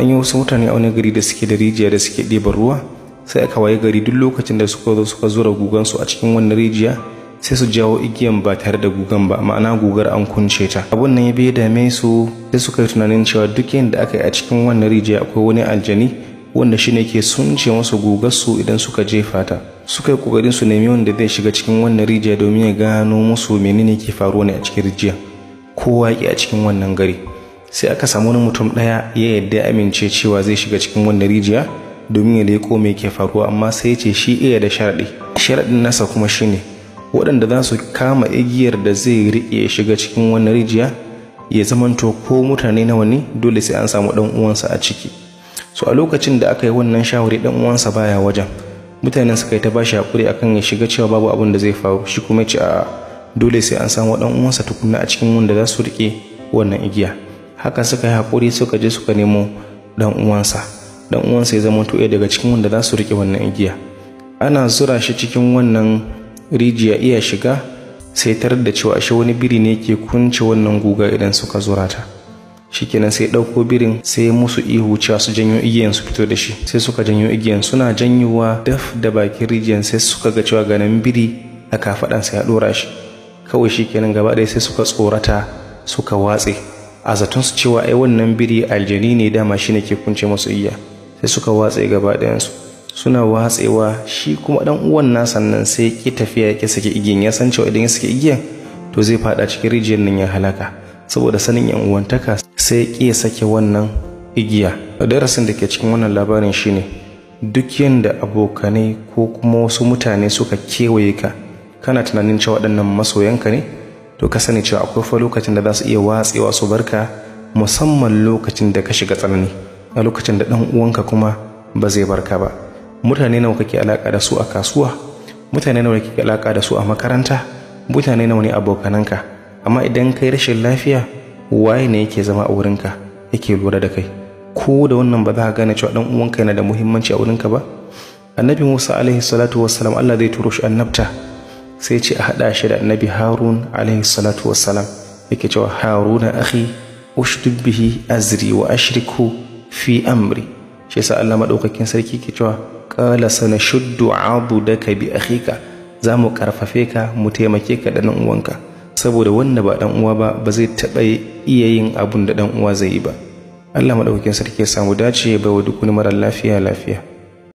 an yi wasu mutane a wani gari da suke da rijiya da suke ɗeban ruwa sai aka waye gari duk lokacin da suka zo suka zura gugansu a cikin wannan rijiya sai su jawo igiyan ba tare da gugan ba ma'ana gugar an kunce ta abun nan ya bai dame su sai suka yi tunanin cewa duk yadda aka yi a cikin wannan rijiya akwai wani aljani wanda shi ne ke sunce masu gugarsu idan suka jefa ta suka yi kokarin su nemi wanda zai shiga cikin wannan rijiya domin ya gano musu menene ke faruwa ne a cikin rijiya kowa ya a cikin wannan gari sai aka samu wani mutum ɗaya ya yadda ya amince cewa zai shiga cikin wannan rijiya domin ya leƙo mai ke faruwa amma sai ya ce shi iya da sharaɗi sharaɗin nasa kuma shine waɗanda za su kama igiyar da zai riƙe shiga cikin wannan rijiya ya zamanto ko mutane nawa ne dole sai an samu ɗan uwansa a ciki so a lokacin da aka yi wannan shawari ɗan uwansa baya wajen mutanen suka yi ta bashi hakuri akan ya shiga cewa babu abin da zai faru shi kuma ce a dole sai an samu ɗan uwansa tukunna a cikin wanda za su riƙe wannan igiya haka suka yi hakuri suka je suka nemo dan uwansa dan uwansa ya zama ɗaya daga cikin wanda za su riƙe wannan igiya ana zura shi cikin wannan rijiya iya shiga sai tarar da cewa ashe wani biri ne ke kunce wannan guga idan suka zura ta shikenan sai ɗauko birin sai musu ihu cewa su janyo igiyan su fito da shi sai suka janyo igiyan suna janyowa daf da bakin rijiyan sai suka ga cewa ganin biri a kafaɗansa ya ɗora shi kawai shikenan gaba ɗaya sai suka tsorata suka watse a zaton su cewa ai wannan biri aljani ne dama shi ne ke kunce masu iya sai suka watse gaba ɗayansu suna watsewa shi kuma ɗan uwan nasa nan sai ya tafiya ya ƙi sake igiyan ya san cewa idan ya sake igiyan to zai faɗa cikin rijiyar nan ya halaka saboda sanin yan uwantaka sai ya ƙi sake wannan igiya a darasin da ke cikin wannan labarin shi ne duk yadda abokanai ko kuma wasu mutane suka kewaye ka kana tunanin cewa waɗannan masoyanka ne to ka sani cewa akwai fa lokacin da za su iya watsewa su barka musamman lokacin da ka shiga tsanani a lokacin da ɗan uwanka kuma ba zai barka ba mutane nawa kake alaka da su a kasuwa mutane nawa kake alaka da su a makaranta mutane nawa ne abokananka amma idan kai rashin lafiya waye ne yake zama a wurinka yake lura da kai ko da wannan ba za ka gane cewa ɗan uwanka yana da muhimmanci a wurinka ba annabi musa alaihi salatu wassalam allah zai turo shi annabta sai ce a haɗa shi da annabi harun alaihi salatu salam yake cewa haruna akhi ushdud bihi azri wa ashriku fi amri shi yasa Allah madaukakin sarki ke cewa qala sanashuddu abudaka bi akhika za mu karfafe ka mu taimake ka da nan uwanka saboda wanda ba dan uwa ba ba zai taɓa iya yin abun da dan uwa zai yi ba Allah madaukakin sarki ya samu dace bai wa duk wani mara lafiya lafiya